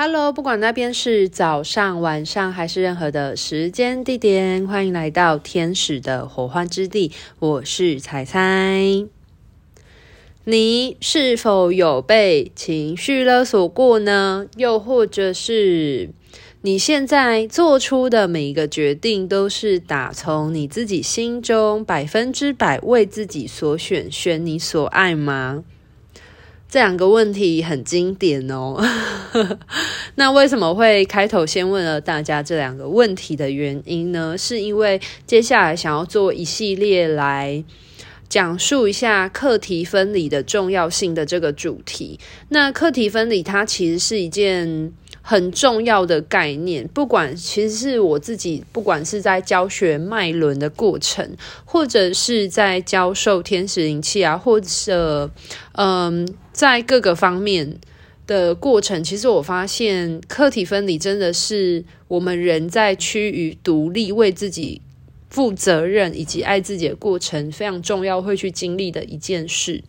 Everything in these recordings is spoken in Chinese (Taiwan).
Hello，不管那邊是早上、晚上還是任何的時間地點，歡迎來到天使的火花之地。我是采采。你是否有被情緒勒索過呢？又或者是你現在做出的每一個決定，都是打從你自己心中百分之百為自己所選，選你所愛嗎？這兩個問題很經典哦。 那為什麼會開頭先問了大家這兩個問題的原因呢？是因為接下來想要做一系列來講述一下課題分離的重要性的這個主題。那課題分離它其實是一件很重要的概念，不管其實是我自己，不管是在教學脈輪的過程，或者是在教授天使靈氣啊，或者嗯。在各個方面的過程，其實我發現課題分離真的是我們人在趨於獨立、為自己負責任以及愛自己的過程非常重要，會去經歷的一件事。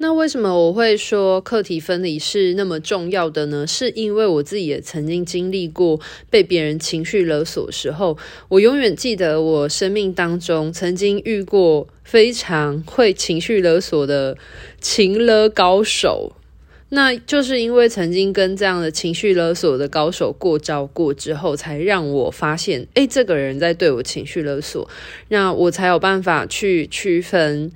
那為什麼我會說課題分離是那麼重要的呢？是因為我自己也曾經經歷過被別人情緒勒索的時候，我永遠記得我生命當中曾經遇過非常會情緒勒索的情勒高手，那就是因為曾經跟這樣的情緒勒索的高手過招過之後，才讓我發現，誒、欸，這個人在對我情緒勒索，那我才有辦法去區分。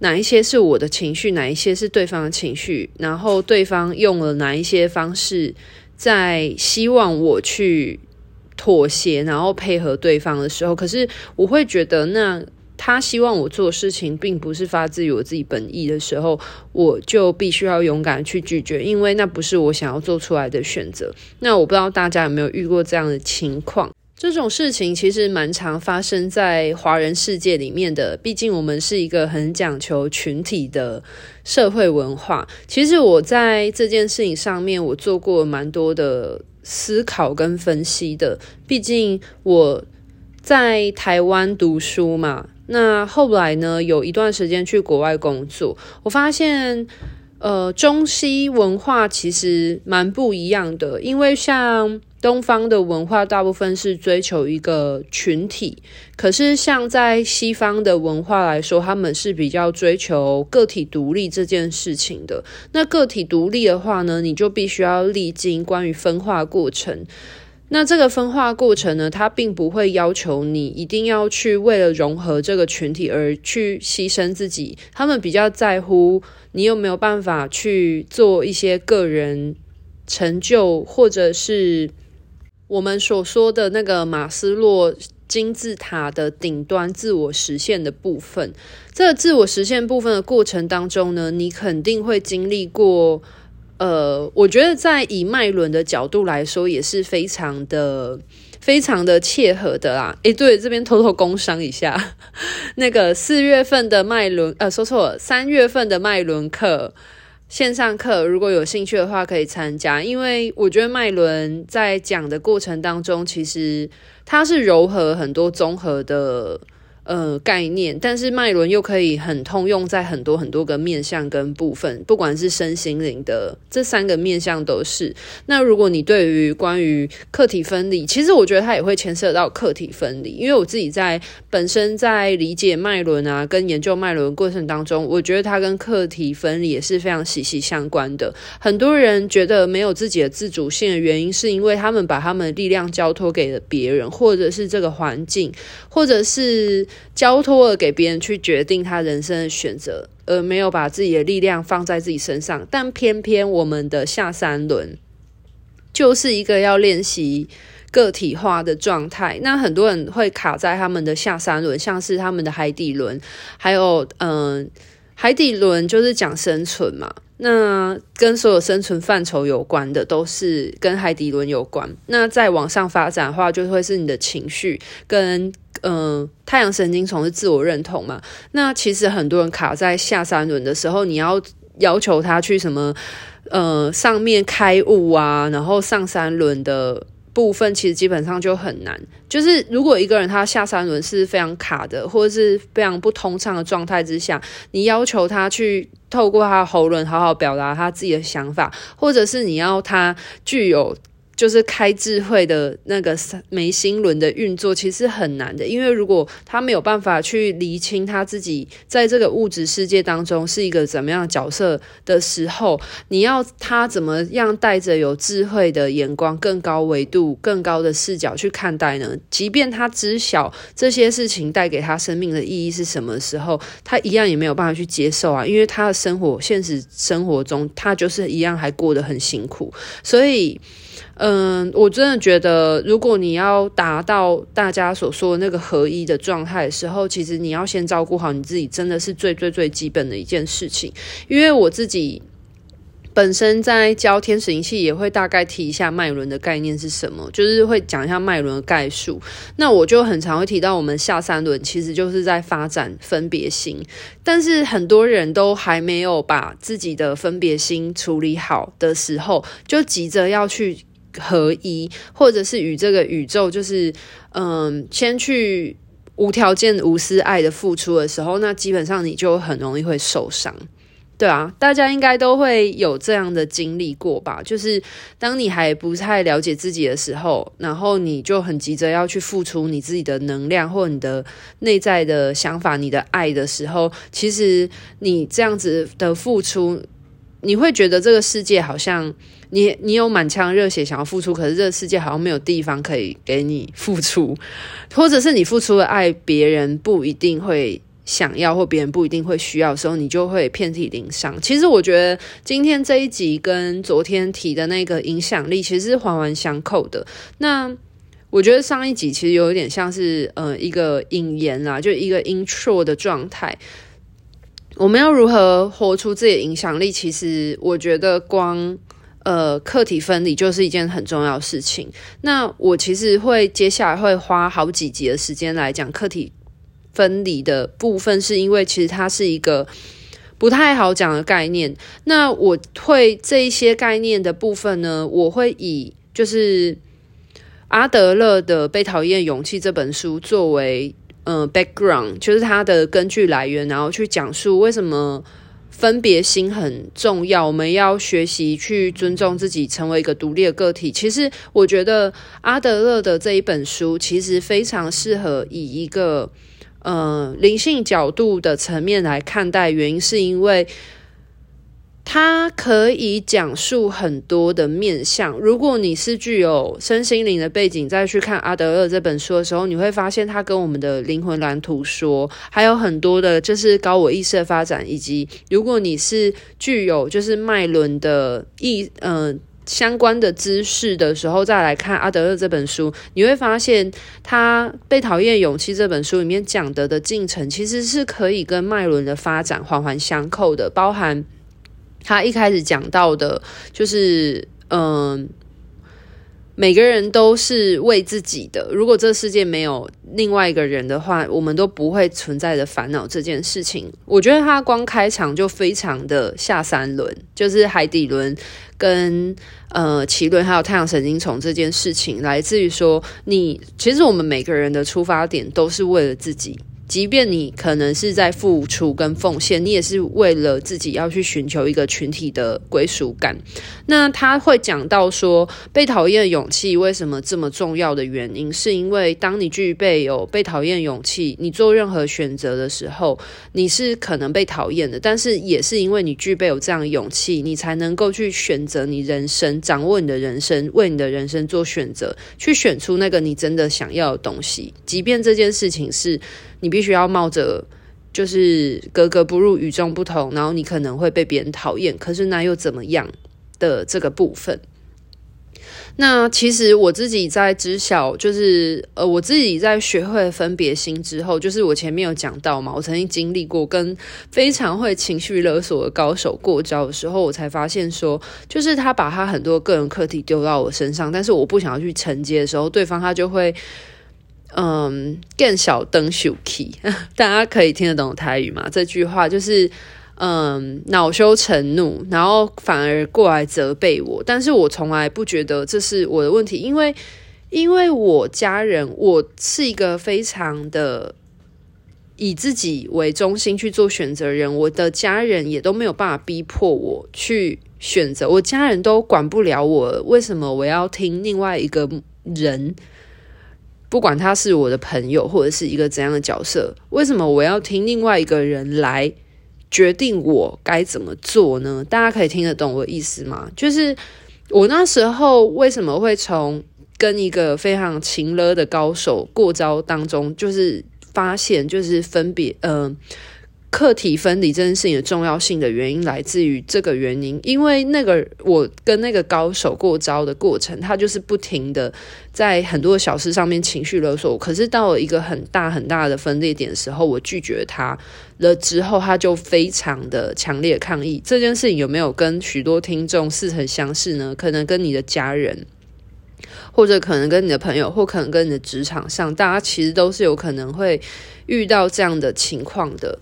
哪一些是我的情緒，哪一些是對方的情緒？然後對方用了哪一些方式，在希望我去妥協，然後配合對方的時候，可是我會覺得，那他希望我做事情，並不是發自於我自己本意的時候，我就必須要勇敢去拒絕，因為那不是我想要做出來的選擇。那我不知道大家有沒有遇過這樣的情況？這種事情其實蠻常發生在華人世界裡面的，畢竟我們是一個很講求群體的社會文化。其實我在這件事情上面，我做過蠻多的思考跟分析的。畢竟我在台灣讀書嘛，那後來呢，有一段時間去國外工作，我發現，呃，中西文化其實蠻不一樣的，因為像。東方的文化大部分是追求一個群體，可是像在西方的文化來說，他們是比較追求個體獨立這件事情的。那個體獨立的話呢，你就必須要歷經關於分化過程。那這個分化過程呢，他並不會要求你一定要去為了融合這個群體而去犧牲自己。他們比較在乎你有沒有辦法去做一些個人成就，或者是。我們所說的那個馬斯洛金字塔的頂端，自我實現的部分。這個、自我實現部分的過程當中呢，你肯定會經歷過。呃，我覺得在以脈輪的角度來說，也是非常的、非常的切合的啦。誒對，這邊偷偷工商一下，那個四月份的脈輪，呃，說錯了，三月份的脈輪課，線上課，如果有興趣的話，可以參加，因為我覺得麥倫在講的過程當中，其實他是糅合很多綜合的。呃，概念，但是脈輪又可以很通用在很多很多個面向跟部分，不管是身心靈的這三個面向都是。那如果你對於關於課題分離，其實我覺得它也會牽涉到課題分離，因為我自己在本身在理解脈輪啊，跟研究脈輪過程當中，我覺得它跟課題分離也是非常息息相關的。很多人覺得沒有自己的自主性的原因，是因為他們把他們的力量交託給了別人，或者是這個環境，或者是。交託了給別人去決定他人生的選擇，而沒有把自己的力量放在自己身上。但偏偏我們的下三輪就是一個要練習個體化的狀態。那很多人會卡在他們的下三輪，像是他們的海底輪，還有嗯，海底輪就是講生存嘛。那跟所有生存範疇有關的，都是跟海底輪有關。那再往上發展的話，就會是你的情緒跟。嗯、呃，太陽神經叢是自我認同嘛。那其實很多人卡在下三輪的時候，你要要求他去什麼？嗯、呃，上面開悟啊，然後上三輪的部分，其實基本上就很難。就是如果一個人他下三輪是非常卡的，或者是非常不通暢的狀態之下，你要求他去透過他的喉嚨好好表達他自己的想法，或者是你要他具有。就是開智慧的那個眉心輪的運作，其實很難的。因為如果他沒有辦法去釐清他自己在這個物質世界當中是一個怎麼樣角色的時候，你要他怎麼樣帶着有智慧的眼光、更高維度、更高的視角去看待呢？即便他知曉這些事情帶給他生命的意義是什麼時候，他一樣也沒有辦法去接受啊，因為他的生活、現實生活中，他就是一樣還過得很辛苦，所以，呃嗯，我真的覺得，如果你要達到大家所說的那個合一的狀態的時候，其實你要先照顧好你自己，真的是最最最基本的一件事情。因為我自己本身在教天使靈氣，也會大概提一下脈輪的概念是什麼，就是會講一下脈輪的概述。那我就很常會提到，我們下三輪其實就是在發展分別心，但是很多人都還沒有把自己的分別心處理好的時候，就急着要去。合一，或者是與這個宇宙，就是嗯，先去無條件、無私愛的付出的時候，那基本上你就很容易會受傷，對啊，大家應該都會有這樣的經歷過吧？就是當你還不太了解自己的時候，然後你就很急着要去付出你自己的能量或你的內在的想法、你的愛的時候，其實你這樣子的付出。你會覺得這個世界好像你你有滿腔熱血想要付出，可是這個世界好像沒有地方可以給你付出，或者是你付出了愛，別人不一定會想要，或別人不一定會需要的時候，你就會遍體鱗傷。其實我覺得今天這一集跟昨天提的那個影響力其實是環環相扣的。那我覺得上一集其實有點像是呃一個引言啊，就一個 intro 的狀態。我們要如何活出自己的影響力？其實我覺得光呃課題分離就是一件很重要的事情。那我其實會接下來會花好幾集的時間來講課題分離的部分，是因為其實它是一個不太好講的概念。那我會這一些概念的部分呢，我會以就是阿德勒的《被討厭的勇氣》這本書作為。嗯，uh, background 就是它的根據來源，然後去講述為什麼分別心很重要，我們要學習去尊重自己，成為一個獨立的個體。其實我覺得阿德勒的這一本書其實非常適合以一個嗯、呃、靈性角度的層面來看待，原因是因為。它可以講述很多的面向。如果你是具有身心靈的背景，再去看阿德勒這本書的時候，你會發現他跟我們的靈魂藍圖說還有很多的，就是高我意識的發展。以及如果你是具有就是脈輪的意嗯、呃、相關的知識的時候，再來看阿德勒這本書，你會發現他《被討厭勇氣》這本書裡面講的的進程，其實是可以跟脈輪的發展環環相扣的，包含。他一開始講到的，就是嗯、呃，每個人都是為自己的。如果這世界沒有另外一個人的話，我們都不會存在著煩惱這件事情。我覺得他光開場就非常的下三輪，就是海底輪、跟呃臍輪還有太陽神經叢這件事情，來自於說你其實我們每個人的出發點都是為了自己。即便你可能是在付出跟奉獻，你也是為了自己要去尋求一個群體的歸屬感。那他會講到說，被討厭的勇氣為什麼這麼重要的原因，是因為當你具備有被討厭的勇氣，你做任何選擇的時候，你是可能被討厭的，但是也是因為你具備有這樣的勇氣，你才能夠去選擇你人生，掌握你的人生，為你的人生做選擇，去選出那個你真的想要的東西，即便這件事情是。你必須要冒着就是格格不入、與眾不同，然後你可能會被別人討厭，可是那又怎麼樣的這個部分？那其實我自己在知曉，就是呃，我自己在學會分別心之後，就是我前面有講到嘛，我曾經經歷過跟非常會情緒勒索的高手過招的時候，我才發現說，就是他把他很多個人課題丟到我身上，但是我不想要去承接的時候，對方他就會。嗯，見笑轉生氣，大家可以聽得懂台語嗎？這句話就是，嗯，惱羞成怒，然後反而過來責備我。但是我從來不覺得這是我的問題，因為因為我家人，我是一個非常的以自己為中心去做選擇的人，我的家人也都沒有辦法逼迫我去選擇，我家人都管不了我了，為什麼我要聽另外一個人？不管他是我的朋友，或者是一個怎樣的角色，為什麼我要聽另外一個人來決定我該怎麼做呢？大家可以聽得懂我的意思嗎？就是我那時候為什麼會從跟一個非常情勒的高手過招當中，就是發現，就是分別，嗯、呃。課題分離這件事情的重要性的原因來自於這個原因，因為那個我跟那個高手過招的過程，他就是不停的在很多小事上面情緒勒索。可是到了一個很大很大的分裂點的時候，我拒絕他了了之後，他就非常的強烈抗議。這件事情有沒有跟許多聽眾似曾相識呢？可能跟你的家人，或者可能跟你的朋友，或可能跟你的職場上，大家其實都是有可能會遇到這樣的情況的。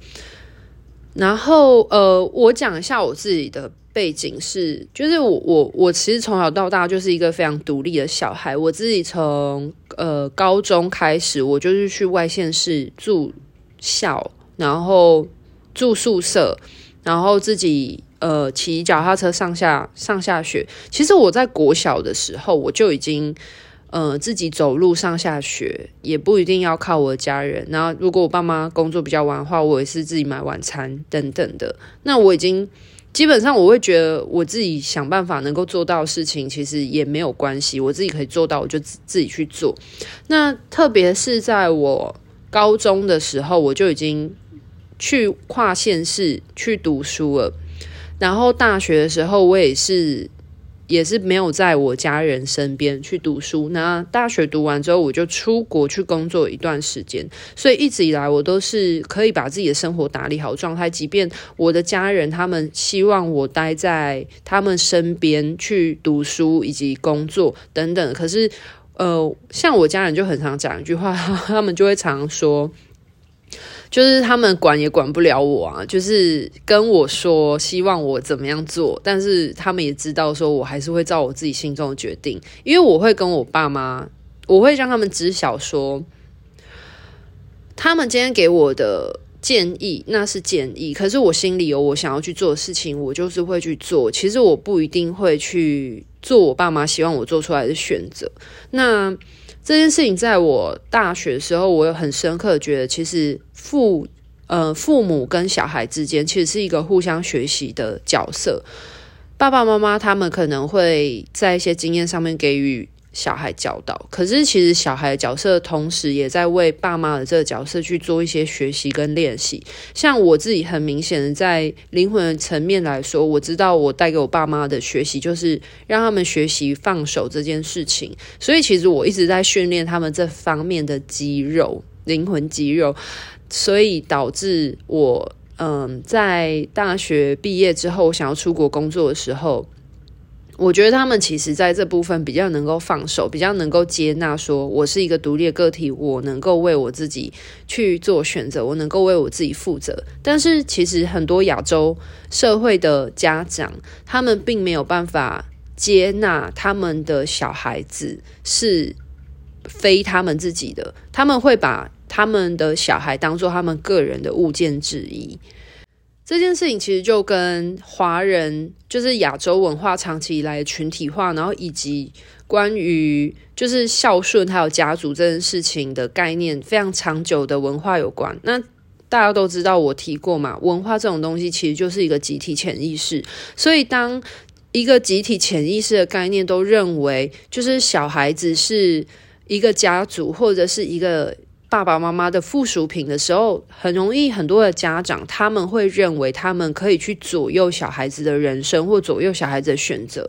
然後，呃，我講一下我自己的背景是，就是我我我其實從小到大就是一個非常獨立的小孩。我自己從呃高中開始，我就是去外縣市住校，然後住宿舍，然後自己呃騎腳踏車上下上下學。其實我在國小的時候，我就已經。呃，自己走路上下學，也不一定要靠我的家人。然後，如果我爸媽工作比較晚的話，我也是自己買晚餐等等的。那我已經基本上，我會覺得我自己想辦法能夠做到的事情，其實也沒有關係。我自己可以做到，我就自自己去做。那特別是在我高中的時候，我就已經去跨縣市去讀書了。然後大學的時候，我也是。也是沒有在我家人身邊去讀書。那大學讀完之後，我就出國去工作一段時間，所以一直以來我都是可以把自己的生活打理好狀態。即便我的家人他們希望我待在他們身邊去讀書以及工作等等，可是呃，像我家人就很常講一句話，他們就會常常說。就是他們管也管不了我啊，就是跟我說希望我怎麼樣做，但是他們也知道說我還是會照我自己心中的決定，因為我會跟我爸媽，我會讓他們知曉說，他們今天給我的建議那是建議，可是我心裡有我想要去做的事情，我就是會去做。其實我不一定會去做我爸媽希望我做出來的選擇，那。這件事情在我大學時候，我有很深刻覺得，其實父呃父母跟小孩之間，其實是一個互相學習的角色。爸爸媽媽他們可能會在一些經驗上面給予。小孩教導，可是其實小孩角色同時也在為爸媽的這個角色去做一些學習跟練習。像我自己，很明顯的在靈魂層面來說，我知道我帶給我爸媽的學習，就是讓他們學習放手這件事情。所以，其實我一直在訓練他們這方面的肌肉，靈魂肌肉。所以導致我，嗯，在大學畢業之後，想要出國工作的時候。我覺得他們其實在這部分比較能夠放手，比較能夠接納，說我是一個獨立的個體，我能夠為我自己去做選擇，我能夠為我自己負責。但是其實很多亞洲社會的家長，他們並沒有辦法接納他們的小孩子是非他們自己的，他們會把他們的小孩當做他們個人的物件之一。這件事情其實就跟華人，就是亞洲文化長期以來的群體化，然後以及關於就是孝順還有家族這件事情的概念非常長久的文化有關。那大家都知道，我提過嘛，文化這種東西其實就是一個集體潛意識。所以，當一個集體潛意識的概念都認為，就是小孩子是一個家族或者是一個。爸爸媽媽的附屬品的時候，很容易很多的家長他們會認為他們可以去左右小孩子的人生或左右小孩子的選擇，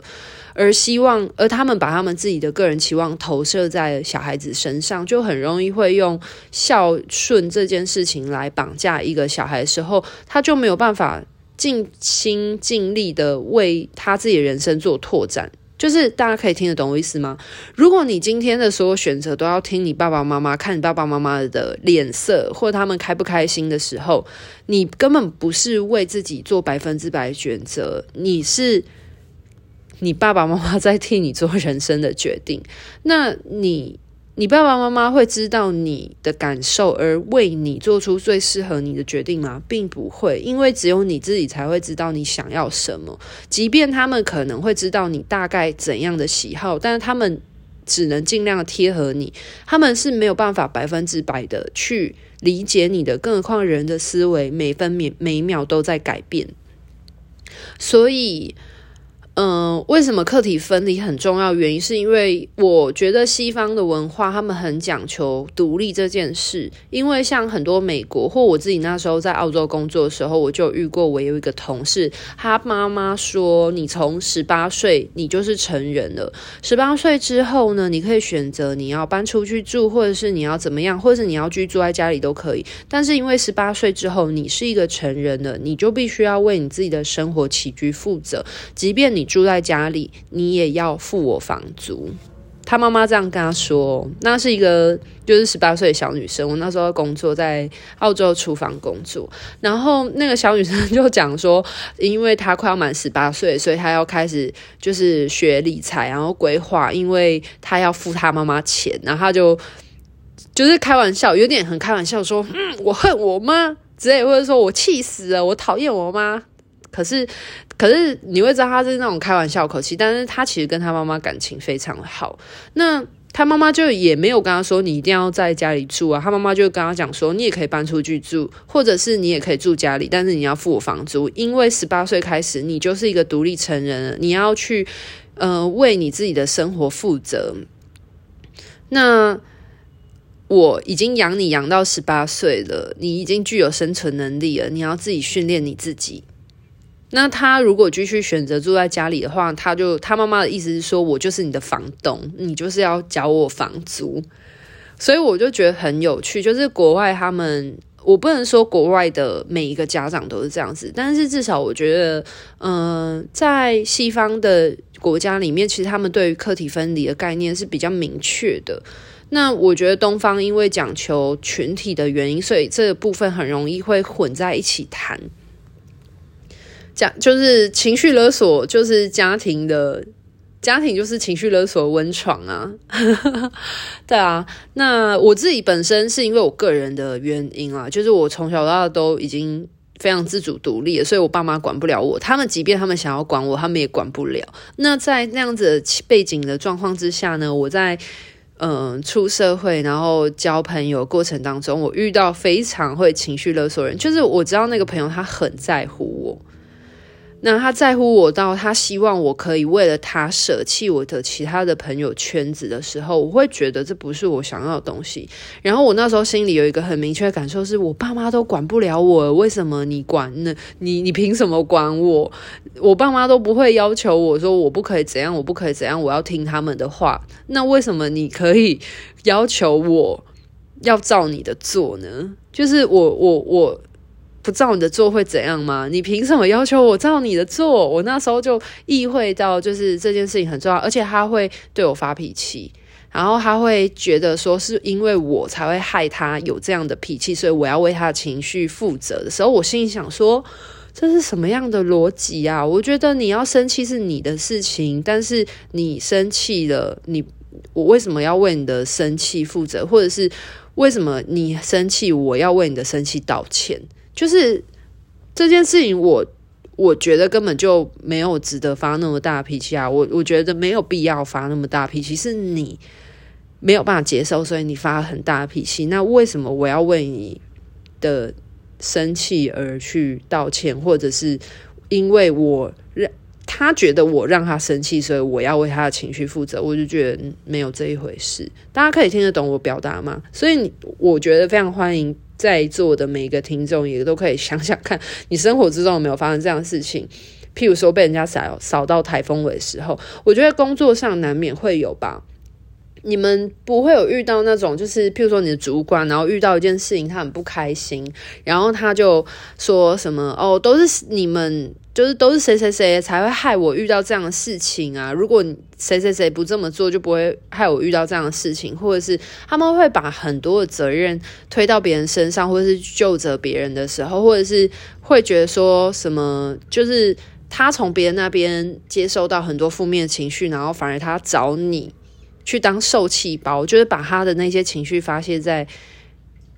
而希望而他們把他們自己的個人期望投射在小孩子身上，就很容易會用孝順這件事情來綁架一個小孩的時候，他就沒有辦法盡心盡力的為他自己的人生做拓展。就是大家可以聽得懂我意思嗎？如果你今天的所有選擇都要聽你爸爸媽媽、看你爸爸媽媽的臉色，或他們開不開心的時候，你根本不是為自己做百分之百選擇，你是你爸爸媽媽在替你做人生的決定，那你。你爸爸媽媽會知道你的感受而為你做出最適合你的決定嗎？並不會，因為只有你自己才會知道你想要什麼。即便他們可能會知道你大概怎樣的喜好，但是他們只能盡量貼合你，他們是沒有辦法百分之百的去理解你的。更何況人的思維每分每每秒都在改變，所以……嗯，為什麼課題分離很重要？原因是因為我覺得西方的文化他們很講求獨立這件事。因為像很多美國或我自己那時候在澳洲工作的時候，我就遇過，我有一個同事，他媽媽說：“你從十八歲你就是成人了，十八歲之後呢，你可以選擇你要搬出去住，或者是你要怎麼樣，或者是你要居住在家裡都可以。但是因為十八歲之後你是一個成人了，你就必須要為你自己的生活起居負責，即便你。”你住在家裡，你也要付我房租。她媽媽這樣跟她說：“那是一個就是十八歲的小女生，我那時候工作在澳洲廚房工作。然後那個小女生就講說，因為她快要滿十八歲，所以她要開始就是學理財，然後規劃，因為她要付她媽媽錢。然後她就就是開玩笑，有點很開玩笑說：‘嗯，我恨我媽’之類，或者說‘我氣死了，我討厭我媽’。可是。”可是你會知道他是那種開玩笑口氣，但是他其實跟他媽媽感情非常好。那他媽媽就也沒有跟他說你一定要在家裡住啊，他媽媽就跟他講說你也可以搬出去住，或者是你也可以住家裡，但是你要付我房租，因為十八歲開始你就是一個獨立成人了，你要去，呃，為你自己的生活負責。那我已經養你養到十八歲了，你已經具有生存能力了，你要自己訓練你自己。那他如果繼續選擇住在家裡的話，他就他媽媽的意思是說，我就是你的房東，你就是要繳我房租。所以我就覺得很有趣，就是國外他們，我不能說國外的每一個家長都是這樣子，但是至少我覺得，嗯、呃，在西方的國家裡面，其實他們對於課題分離的概念是比較明確的。那我覺得東方因為講求群體的原因，所以這個部分很容易會混在一起談。家就是情緒勒索，就是家庭的，家庭就是情緒勒索溫床啊。 對啊，那我自己本身是因為我個人的原因啊，就是我從小到大都已經非常自主獨立了，所以我爸媽管不了我。他們即便他們想要管我，他們也管不了。那在那樣子背景的狀況之下呢，我在嗯、呃、出社會，然後交朋友過程當中，我遇到非常會情緒勒索人，就是我知道那個朋友他很在乎我。那他在乎我到他希望我可以為了他捨棄我的其他的朋友圈子的時候，我會覺得這不是我想要的東西。然後我那時候心裡有一個很明確的感受是，是我爸媽都管不了我了，為什麼你管呢？你你憑什麼管我？我爸媽都不會要求我說我不可以怎樣，我不可以怎樣，我要聽他們的話。那為什麼你可以要求我要照你的做呢？就是我我我。我不照你的做會怎樣嗎？你憑什麼要求我照你的做？我那時候就意會到，就是這件事情很重要，而且他會對我發脾氣，然後他會覺得說，是因為我才會害他有這樣的脾氣，所以我要為他的情緒負責的時候，我心裡想說，這是什麼樣的邏輯啊？我覺得你要生氣是你的事情，但是你生氣了，你我為什麼要為你的生氣負責，或者是為什麼你生氣我要為你的生氣道歉？就是這件事情我，我我覺得根本就沒有值得發那麼大脾氣啊！我我覺得沒有必要發那麼大脾氣，是你沒有辦法接受，所以你發很大脾氣。那為什麼我要為你的生氣而去道歉？或者是因為我？他覺得我讓他生氣，所以我要為他的情緒負責。我就覺得沒有這一回事。大家可以聽得懂我表達嗎？所以，我覺得非常歡迎在座的每一個聽眾，也都可以想想看，你生活之中有沒有發生這樣的事情？譬如說，被人家掃掃到颱風尾的時候，我覺得工作上難免會有吧。你們不會有遇到那種，就是譬如說你的主管，然後遇到一件事情，他很不開心，然後他就說什麼哦，都是你們。就是都是誰誰誰才會害我遇到這樣的事情啊？如果你誰誰誰不這麼做，就不會害我遇到這樣的事情。或者是他們會把很多的責任推到別人身上，或者是究責別人的時候，或者是會覺得說什麼，就是他從別人那邊接收到很多負面的情緒，然後反而他找你去當受氣包，就是把他的那些情緒發洩在。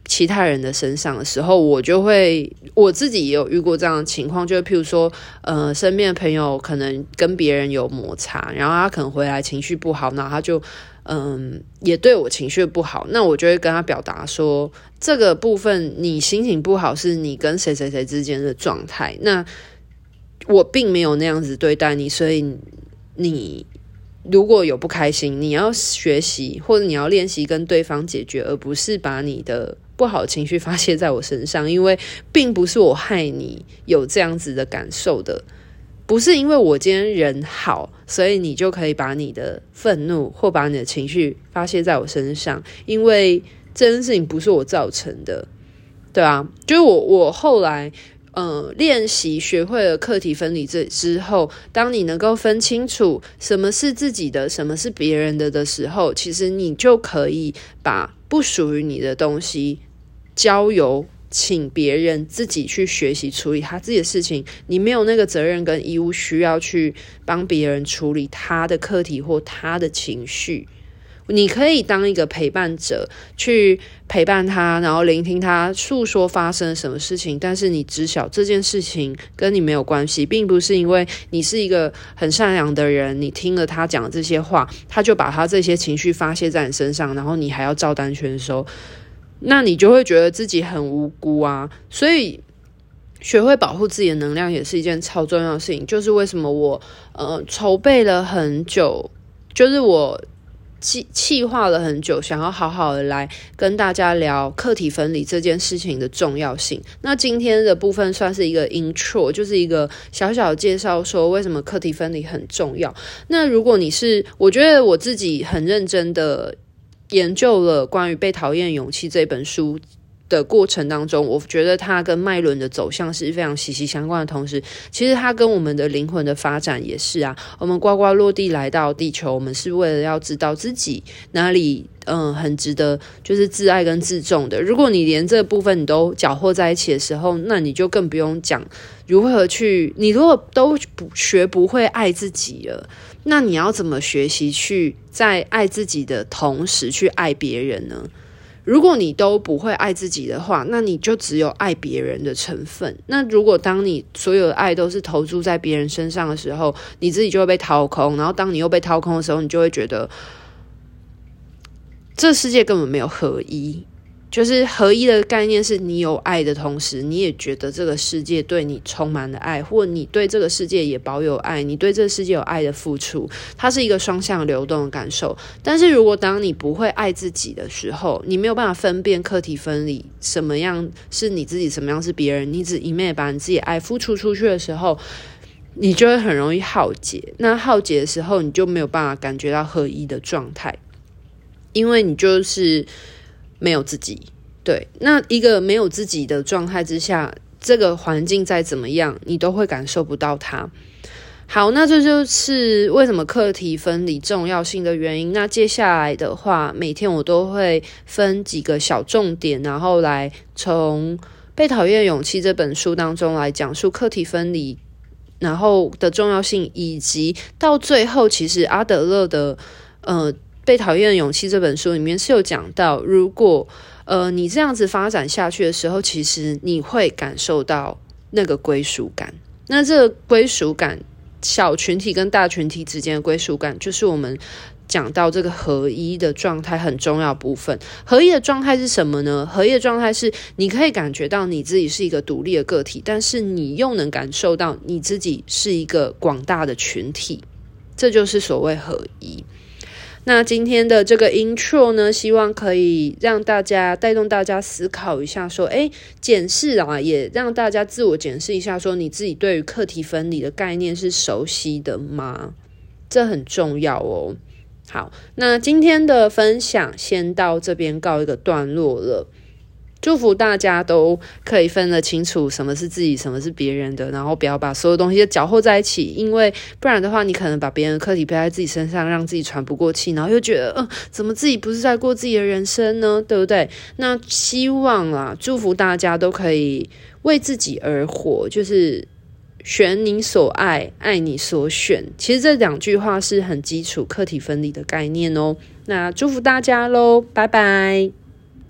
其他人的身上的時候，我就會我自己也有遇過這樣的情況，就是譬如說，呃，身邊的朋友可能跟別人有摩擦，然後他可能回來情緒不好，那他就嗯、呃，也對我情緒不好，那我就會跟他表達說，這個部分你心情不好是你跟誰誰誰之間的狀態，那我並沒有那樣子對待你，所以你如果有不開心，你要學習或者你要練習跟對方解決，而不是把你的。不好的情緒發洩在我身上，因為並不是我害你有這樣子的感受的，不是因為我今天人好，所以你就可以把你的憤怒或把你的情緒發洩在我身上，因為這件事情不是我造成的，對吧？就是我，我後來。呃、嗯，練習學會了課題分離這之後，當你能夠分清楚什麼是自己的，什麼是別人的的時候，其實你就可以把不屬於你的東西交由請別人自己去學習處理他自己的事情。你沒有那個責任跟義務需要去幫別人處理他的課題或他的情緒。你可以當一個陪伴者，去陪伴他，然後聆聽他訴說發生什麼事情。但是你知曉這件事情跟你沒有關係，並不是因為你是一個很善良的人，你聽了他講的這些話，他就把他這些情緒發泄在你身上，然後你還要照單全收，那你就會覺得自己很無辜啊。所以，學會保護自己的能量也是一件超重要的事情。就是為什麼我呃籌備了很久，就是我。企企劃了很久，想要好好的來跟大家聊課題分離這件事情的重要性。那今天的部分算是一個 intro，就是一個小小的介紹，說為什麼課題分離很重要。那如果你是，我覺得我自己很認真的研究了關於《被討厭的勇氣》這本書。的過程當中，我覺得它跟脈輪的走向是非常息息相關的同時，其實它跟我們的靈魂的發展也是啊。我們呱呱落地來到地球，我們是為了要知道自己哪裡嗯很值得，就是自愛跟自重的。如果你連這部分你都攪和在一起的時候，那你就更不用講如何去。你如果都不學不會愛自己了，那你要怎麼學習去在愛自己的同時去愛別人呢？如果你都不會愛自己的話，那你就只有愛別人的成分。那如果當你所有的愛都是投注在別人身上的時候，你自己就會被掏空。然後當你又被掏空的時候，你就會覺得，這世界根本沒有合一。就是合一的概念，是你有愛的同時，你也覺得這個世界對你充滿了愛，或你對這個世界也保有愛，你對這個世界有愛的付出，它是一個雙向流動的感受。但是如果當你不會愛自己的時候，你沒有辦法分辨課題分離，什麼樣是你自己，什麼樣是別人，你只一味把你自己愛付出出去的時候，你就會很容易耗竭。那耗竭的時候，你就沒有辦法感覺到合一的狀態，因為你就是。沒有自己，對，那一個沒有自己的狀態之下，這個環境再怎麼樣，你都會感受不到它。好，那這就，就是為什麼課題分離重要性的原因。那接下來的話，每天我都會分幾個小重點，然後來從《被討厭的勇氣》這本書當中來講述課題分離，然後的重要性，以及到最後，其實阿德勒的，呃。被討厭的勇氣這本書裡面是有講到，如果呃你這樣子發展下去的時候，其實你會感受到那個歸屬感。那這個歸屬感，小群體跟大群體之間的歸屬感，就是我們講到這個合一的狀態很重要部分。合一的狀態是什麼呢？合一的狀態是你可以感覺到你自己是一個獨立的個體，但是你又能感受到你自己是一個廣大的群體。這就是所謂合一。那今天的這個 intro 呢，希望可以讓大家帶動大家思考一下說，誒，檢視啊，也讓大家自我檢視一下說，說你自己對於課題分離的概念是熟悉的嗎？這很重要哦。好，那今天的分享先到這邊告一個段落了。祝福大家都可以分得清楚什麼是自己，什麼是別人的，然後不要把所有東西攪和在一起，因為不然的話，你可能把別人的課題背在自己身上，讓自己喘不過氣，然後又覺得，嗯，怎麼自己不是在過自己的人生呢？對不對？那希望啦、啊，祝福大家都可以為自己而活，就是選你所愛，愛你所選。其實這兩句話是很基礎課題分離的概念哦。那祝福大家嘍，拜拜。